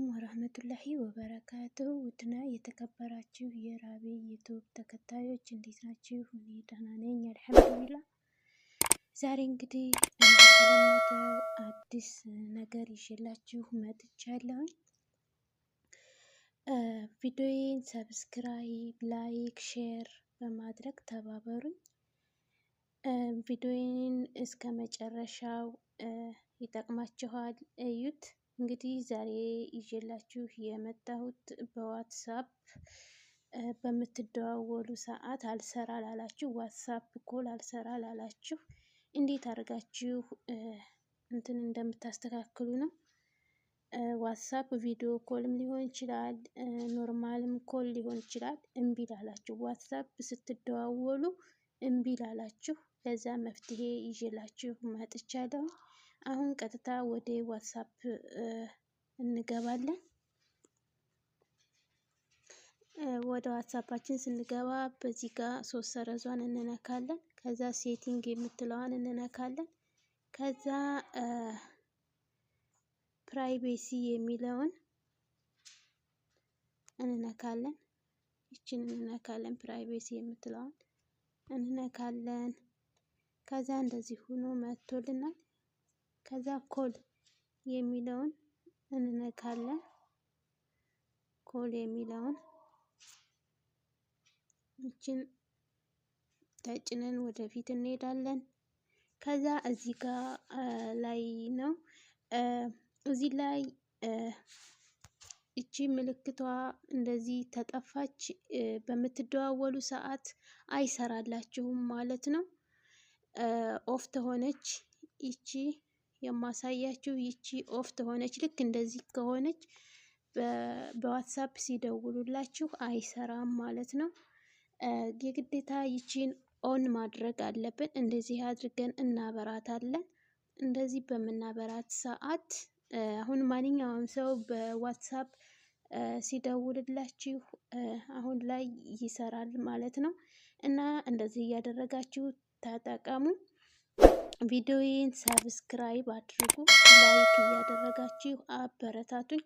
አለይኩም ወራህመቱላሂ ወበረካቱ ውድና የተከበራችሁ የራቤ ዩቱብ ተከታዮች እንዴት ናችሁ? እኔ ደህና ነኝ አልሐምዱሊላ። ዛሬ እንግዲህ እንደተለመደው አዲስ ነገር ይዤላችሁ መጥቻለሁ። ቪዲዮዬን ሰብስክራይብ፣ ላይክ፣ ሼር በማድረግ ተባበሩኝ። ቪዲዮዬን እስከ መጨረሻው ይጠቅማችኋል እዩት። እንግዲህ ዛሬ ይዤላችሁ የመጣሁት በዋትሳፕ በምትደዋወሉ ሰዓት አልሰራ ላላችሁ ዋትሳፕ ኮል አልሰራ ላላችሁ እንዴት አድርጋችሁ እንትን እንደምታስተካክሉ ነው። ዋትሳፕ ቪዲዮ ኮልም ሊሆን ይችላል፣ ኖርማልም ኮል ሊሆን ይችላል። እምቢ ላላችሁ ዋትሳፕ ስትደዋወሉ እምቢ ላላችሁ ለዛ መፍትሄ ይዤላችሁ መጥቻለሁ። አሁን ቀጥታ ወደ ዋትሳፕ እንገባለን። ወደ ዋትሳፓችን ስንገባ በዚህ ጋር ሶስት ሰረዟን እንነካለን። ከዛ ሴቲንግ የምትለዋን እንነካለን። ከዛ ፕራይቬሲ የሚለውን እንነካለን። ይችን እንነካለን። ፕራይቬሲ የምትለዋን እንነካለን። ከዛ እንደዚህ ሆኖ መጥቶልናል። ከዛ ኮል የሚለውን እንነካለን። ኮል የሚለውን ይችን ተጭነን ወደፊት እንሄዳለን። ከዛ እዚህ ጋር ላይ ነው እዚህ ላይ እቺ ምልክቷ እንደዚህ ተጠፋች በምትደዋወሉ ሰዓት አይሰራላችሁም ማለት ነው። ኦፍ ተሆነች ይቺ የማሳያችሁ ይቺ ኦፍ ተሆነች። ልክ እንደዚህ ከሆነች በዋትሳፕ ሲደውሉላችሁ አይሰራም ማለት ነው። የግዴታ ይቺን ኦን ማድረግ አለብን። እንደዚህ አድርገን እናበራታለን። እንደዚህ በምናበራት ሰዓት አሁን ማንኛውም ሰው በዋትሳፕ ሲደውልላችሁ አሁን ላይ ይሰራል ማለት ነው እና እንደዚህ እያደረጋችሁ ተጠቀሙ። ቪዲዮዬን ሰብስክራይብ አድርጉ፣ ላይክ እያደረጋችሁ አበረታቱኝ።